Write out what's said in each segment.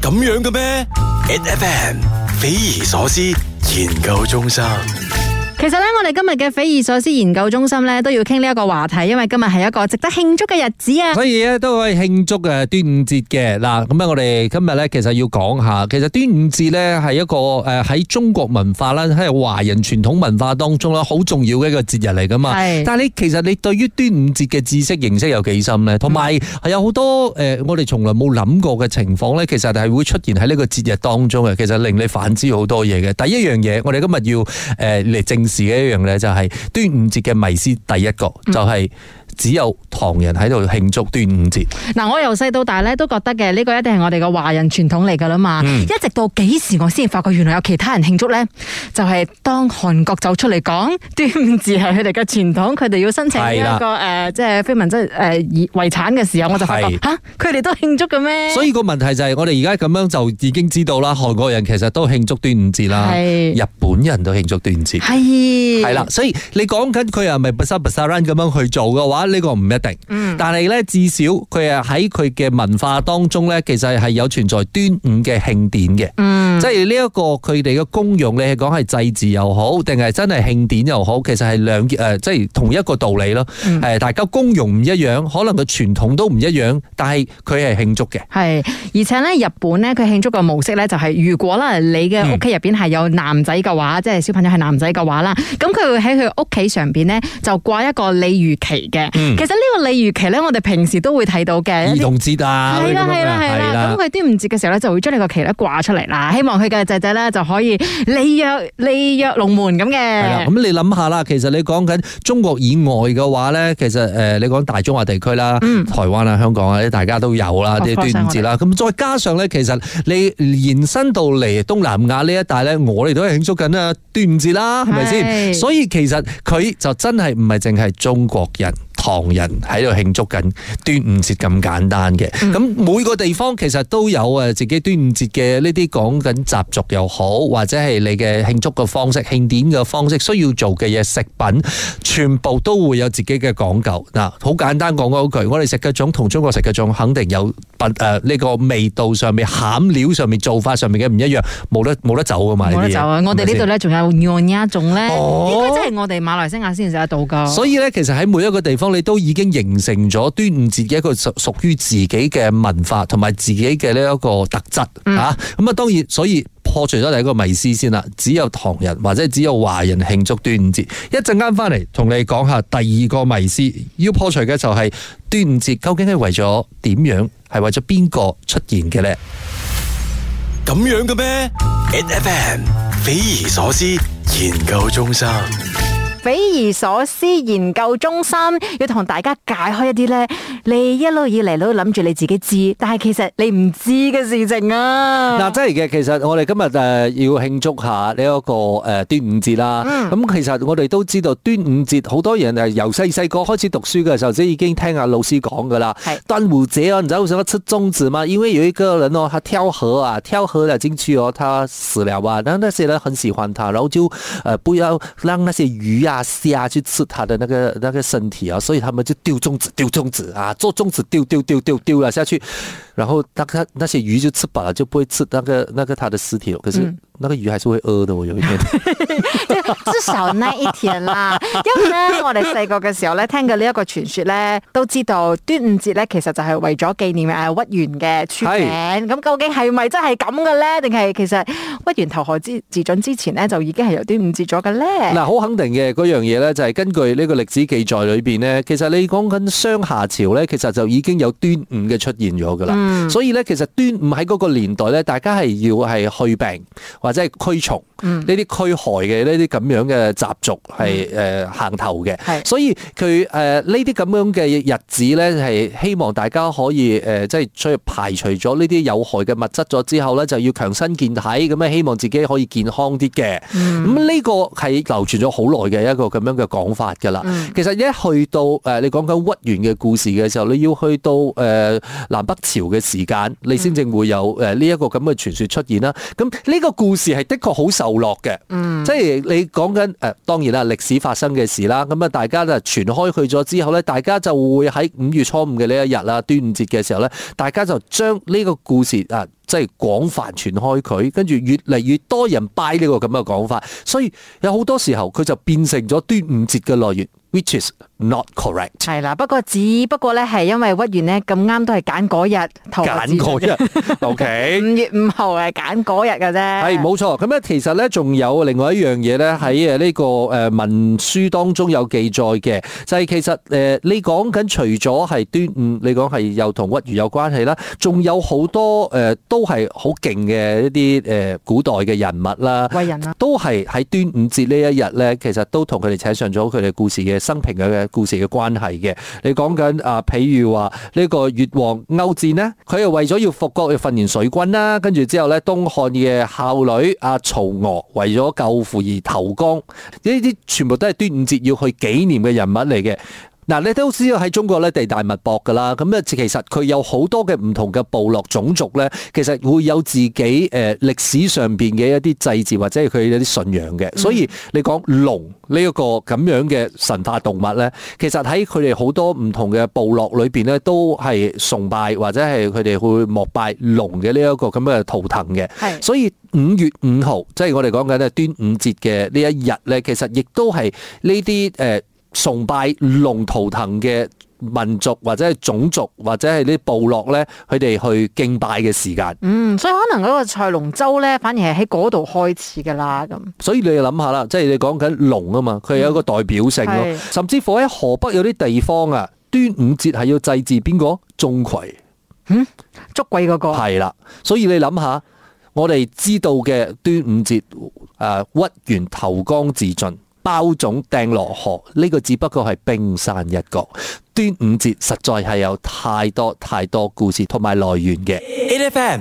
咁樣嘅咩？NFM 匪夷所思研究中心。其實咧，我哋今日嘅匪夷所思研究中心咧都要傾呢一個話題，因為今日係一個值得慶祝嘅日子啊！所以呢，都可以慶祝誒端午節嘅嗱。咁我哋今日咧其實要講一下，其實端午節咧係一個誒喺中國文化啦，喺華人傳統文化當中咧好重要嘅一個節日嚟噶嘛。係。但係你其實你對於端午節嘅知識認識有幾深咧？同埋係有好、嗯、多誒、呃，我哋從來冇諗過嘅情況咧，其實係會出現喺呢個節日當中嘅，其實令你反思好多嘢嘅。第一樣嘢，我哋今日要誒嚟、呃、正。時嘅一樣咧，就係端午節嘅迷思，第一個就係、是。只有唐人喺度慶祝端午節。嗱，我由細到大咧都覺得嘅呢個一定係我哋嘅華人傳統嚟㗎喇嘛、嗯。一直到幾時我先發覺原來有其他人慶祝咧，就係、是、當韓國走出嚟講端午節係佢哋嘅傳統，佢哋要申請一個即係非物質誒遺遺產嘅時候，我就發覺嚇佢哋都慶祝嘅咩？所以個問題就係我哋而家咁樣就已經知道啦，韓國人其實都慶祝端午節啦，日本人都慶祝端午節，係係啦。所以你講緊佢係咪匪夷所思咁樣去做嘅話？呢、啊呢個唔一定，但係呢，至少佢啊喺佢嘅文化當中呢，其實係有存在端午嘅慶典嘅、嗯。即係呢一個佢哋嘅功用，你係講係祭祀又好，定係真係慶典又好，其實係兩誒即係同一個道理咯、嗯。大家功用唔一樣，可能個傳統都唔一樣，但係佢係慶祝嘅。係而且呢，日本呢，佢慶祝嘅模式呢，就係、是，如果咧你嘅屋企入邊係有男仔嘅話，嗯、即係小朋友係男仔嘅話啦，咁佢會喺佢屋企上邊呢，就掛一個鯉魚旗嘅。嗯、其實呢個鯉魚旗咧，我哋平時都會睇到嘅。兒童節啊，係啦係啦係啦，咁、啊、佢、啊啊啊啊、端午節嘅時候咧，就會將呢個旗咧掛出嚟啦，希望佢嘅仔仔咧就可以鯉躍鯉躍龍門咁嘅。咁、啊、你諗下啦，其實你講緊中國以外嘅話咧，其實誒，你講大中華地區啦，嗯、台灣啦、香港啊，大家都有啦，啲端午節啦，咁、嗯、再加上咧，其實你延伸到嚟東南亞呢一帶咧，我哋都慶祝緊啊端午節啦，係咪先？所以其實佢就真係唔係淨係中國人。唐人喺度慶祝緊端午節咁簡單嘅。咁每個地方其實都有誒自己端午節嘅呢啲講緊習俗又好，或者係你嘅慶祝嘅方式、慶典嘅方式，需要做嘅嘢、食品，全部都會有自己嘅講究。嗱，好簡單講嗰句，我哋食嘅粽同中國食嘅粽肯定有品誒呢個味道上面、餡料上面、做法上面嘅唔一樣，冇得冇得走嘅嘛。冇得走啊！我哋呢度咧仲有另一種咧，應該真係我哋馬來西亞先食得到噶。所以咧，其實喺每一個地方，你都已經形成咗端午節嘅一個屬屬於自己嘅文化同埋自己嘅呢一個特質吓，咁、嗯、啊，當然所以破除咗第一個迷思先啦，只有唐人或者只有華人慶祝端午節。一陣間翻嚟同你講下第二個迷思，要破除嘅就係端午節究竟係為咗點樣，係為咗邊個出現嘅呢？咁樣嘅咩？NFM 匪夷所思研究中心。匪夷所思研究中心要同大家解開一啲咧，你一路以嚟都諗住你自己知，但係其實你唔知嘅事情啊！嗱，真係嘅，其實我哋今日誒要慶祝下呢一個誒端午節啦。咁、嗯嗯、其實我哋都知道端午節，好多人係由細細個開始讀書嘅時候先已經聽阿老師講噶啦。係端午節啊，唔好想得出粽子嘛？因為有一個人哦，他跳河啊，跳河啊，進去哦，他死了哇！但係那些人很喜歡他，然後就誒、呃、不要扔那些魚啊。大蝦去吃他的那個那個身體啊，所以他們就丟粽子，丟粽子啊，做粽子丟丟丟丟丟了下去。然後，得個那些魚就吃飽了，就不會吃那個那個它的屍體。可是，那個魚還是會餓的。我有一天，嗯、 至少那一天啦。因為咧，我哋細個嘅時候咧，聽過呢一個傳說咧，都知道端午節咧，其實就係為咗紀念誒屈原嘅出名。咁、嗯、究竟係咪真係咁嘅咧？定係其實屈原投河之自，自盡之前咧，就已經係有端午節咗嘅咧？嗱、嗯，好肯定嘅嗰樣嘢咧，就係、是、根據呢個歷史記載裏邊咧，其實你講緊商夏朝咧，其實就已經有端午嘅出現咗噶啦。嗯所以咧，其實端午喺嗰個年代咧，大家係要係去病或者係驅蟲呢啲驅害嘅呢啲咁樣嘅習俗係行頭嘅。所以佢呢啲咁樣嘅日子咧，係希望大家可以即係排除咗呢啲有害嘅物質咗之後咧，就要強身健體咁樣，希望自己可以健康啲嘅。咁呢個係流傳咗好耐嘅一個咁樣嘅講法㗎啦。其實一去到你講緊屈原嘅故事嘅時候，你要去到南北朝嘅時間，你先正會有誒呢一個咁嘅傳說出現啦。咁、嗯、呢個故事係的確好受落嘅，嗯，即係你講緊誒，當然啦，歷史發生嘅事啦。咁啊，大家就傳開去咗之後呢，大家就會喺五月初五嘅呢一日啦，端午節嘅時候呢，大家就將呢個故事啊，即係廣泛傳開佢，跟住越嚟越多人拜呢個咁嘅講法，所以有好多時候佢就變成咗端午節嘅來源，which is Not correct。係啦，不過只不過咧，係因為屈原咧咁啱都係揀嗰日頭。揀嗰日，OK。五月五號係揀嗰日嘅啫。係，冇錯。咁咧，其實咧仲有另外一樣嘢咧，喺誒呢個誒文書當中有記載嘅，就係其實誒你講緊除咗係端午，你講係又同屈原有關係啦，仲有好多誒都係好勁嘅一啲誒古代嘅人物啦，為人啊，都係喺端午節呢一日咧，其實都同佢哋扯上咗佢哋故事嘅生平嘅。故事嘅關係嘅，你講緊啊，譬如話呢個越王勾踐，呢佢係為咗要復國，要訓練水軍啦，跟住之後呢，東漢嘅孝女阿曹娥為咗救父而投江，呢啲全部都係端午節要去紀念嘅人物嚟嘅。嗱，你都知道喺中國咧地大物博㗎啦，咁啊其實佢有好多嘅唔同嘅部落種族咧，其實會有自己誒歷史上邊嘅一啲祭祀，或者係佢一啲信仰嘅。所以你講龍呢一個咁樣嘅神話動物咧，其實喺佢哋好多唔同嘅部落裏邊咧，都係崇拜或者係佢哋會膜拜龍嘅呢一個咁嘅圖騰嘅。係，所以五月五號即係我哋講緊咧端午節嘅呢一日咧，其實亦都係呢啲誒，呃崇拜龍圖騰嘅民族或者係種族或者係啲部落咧，佢哋去敬拜嘅時間。嗯，所以可能嗰個賽龍舟咧，反而係喺嗰度開始噶啦咁。所以你諗下啦，即係你講緊龍啊嘛，佢有一個代表性咯，嗯。甚至乎喺河北有啲地方啊，端午節係要祭祀邊個？鍾馗。嗯，捉鬼嗰個。係啦，所以你諗下，我哋知道嘅端午節，誒、啊、屈原投江自盡。包粽掟落河呢個只不過係冰山一角，端午節實在係有太多太多故事同埋來源嘅。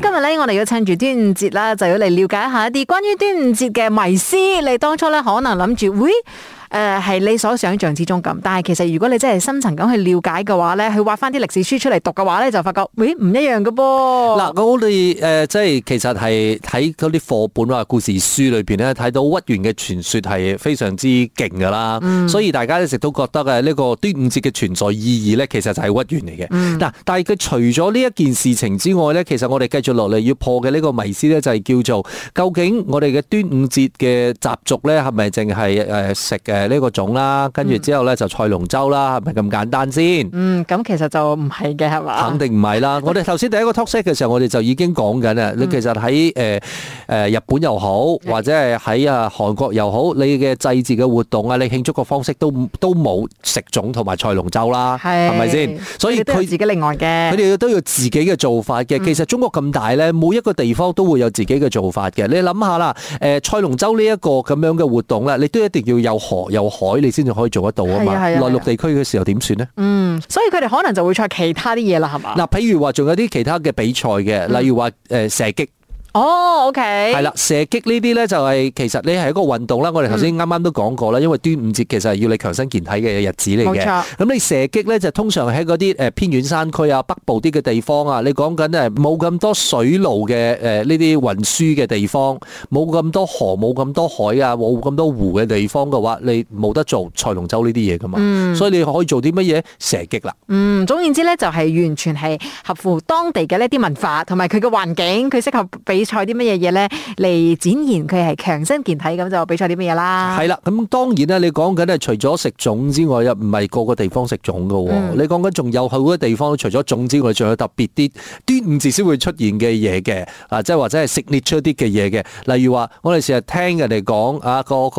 今日呢，我哋要趁住端午節啦，就要嚟了解下一啲關於端午節嘅迷思。你當初呢可能諗住，喂、哎！」誒、呃，係你所想象之中咁，但係，其實如果你真係深層咁去了解嘅話咧，去挖翻啲歷史書出嚟讀嘅話咧，就發覺，咦，唔一樣嘅噃。嗱，我哋誒，即係其實係睇嗰啲課本啊、故事書裏邊咧，睇到屈原嘅傳說係非常之勁噶啦。嗯。所以大家一直都覺得誒，呢個端午節嘅存在意義咧，其實就係屈原嚟嘅。嗯。但係佢除咗呢一件事情之外咧，其實我哋繼續落嚟要破嘅呢個迷思咧，就係叫做究竟我哋嘅端午節嘅習俗咧，係咪淨係誒食嘅？誒、這、呢個粽啦，跟住之後咧就賽龍舟啦，係咪咁簡單先？嗯，咁、嗯、其實就唔係嘅，係嘛？肯定唔係啦。我哋頭先第一個 topic 嘅時候，我哋就已經講緊啦，你其實喺、呃呃、日本又好，或者係喺啊韓國又好，你嘅祭祀嘅活動啊，你慶祝嘅方式都都冇食粽同埋賽龍舟啦，係咪先？所以佢自己另外嘅，佢哋都要自己嘅做法嘅。其實中國咁大咧，每一個地方都會有自己嘅做法嘅。你諗下啦，誒賽龍舟呢一個咁樣嘅活動咧，你都一定要有有海你先至可以做得到啊嘛，內陸、啊啊、地區嘅時候點算咧？嗯，所以佢哋可能就會出其他啲嘢啦，係嘛？嗱，譬如話仲有啲其他嘅比賽嘅、嗯，例如話誒射擊。哦、oh，OK，係啦，射擊呢啲咧就係、是、其實你係一個運動啦。我哋頭先啱啱都講過啦、嗯，因為端午節其實係要你強身健體嘅日子嚟嘅。冇錯，咁你射擊咧就通常喺嗰啲偏遠山區啊、北部啲嘅地方啊，你講緊誒冇咁多水路嘅呢啲運輸嘅地方，冇咁多河、冇咁多海啊、冇咁多湖嘅地方嘅話，你冇得做賽龍舟呢啲嘢噶嘛、嗯。所以你可以做啲乜嘢射擊啦？嗯，總言之咧就係完全係合乎當地嘅呢啲文化同埋佢嘅環境，佢適合俾。菜啲乜嘢嘢咧嚟展現佢係強身健體咁就比賽啲乜嘢啦？係啦，咁當然啦。你講緊咧除咗食粽之外，又唔係個個地方食粽噶。你講緊仲有好多地方，除咗粽之外，仲有特別啲端午節先會出現嘅嘢嘅啊，即係或者係食列出一啲嘅嘢嘅。例如話我哋成日聽人哋講啊，嗰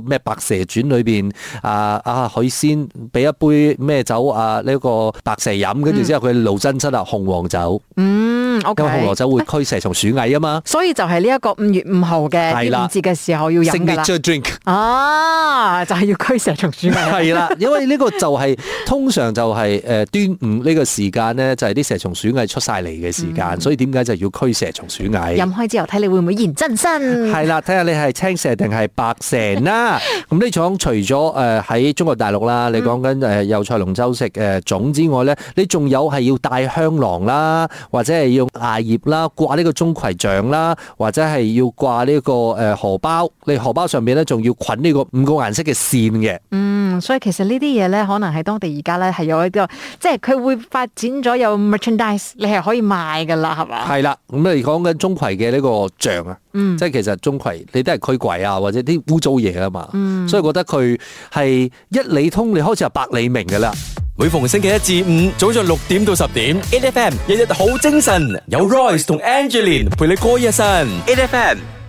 個咩白蛇傳裏邊啊啊，許仙俾一杯咩酒啊？呢個白蛇飲跟住之後佢露真身啊，紅黃酒。嗯，咁、okay、因為紅黃酒會驅蛇蟲鼠蟻所以就係呢一個五月五號嘅節日嘅時候要飲噶啦，啊，就係、是、要驅蛇蟲鼠蟻。係啦，因為呢個就係、是、通常就係誒端午呢個時間咧，就係、是、啲蛇蟲鼠蟻出晒嚟嘅時間，所以點解就要驅蛇蟲鼠蟻？飲、嗯、開、嗯、之後睇你會唔會現真身？係啦，睇下你係青蛇定係白蛇啦。咁 呢種除咗誒喺中國大陸啦，你講緊誒油菜龍舟食嘅粽之外咧，你仲有係要帶香囊啦，或者係用艾葉啦，掛呢個鍾馗啦，或者係要掛呢個誒荷包，你荷包上邊咧仲要捆呢個五個顏色嘅線嘅。嗯，所以其實呢啲嘢咧，可能喺當地而家咧係有一個，即係佢會發展咗有 merchandise，你係可以賣噶啦，係嘛？係啦，咁你講緊鍾馗嘅呢個像啊，嗯，即係其實鍾馗你都係驅鬼啊，或者啲污糟嘢啊嘛，嗯，所以覺得佢係一里通，你開始係百里明噶啦。每逢星期一至五早上六點到十點，8FM 日日好精神，有 Royce 同 Angeline 陪你過一生，8FM。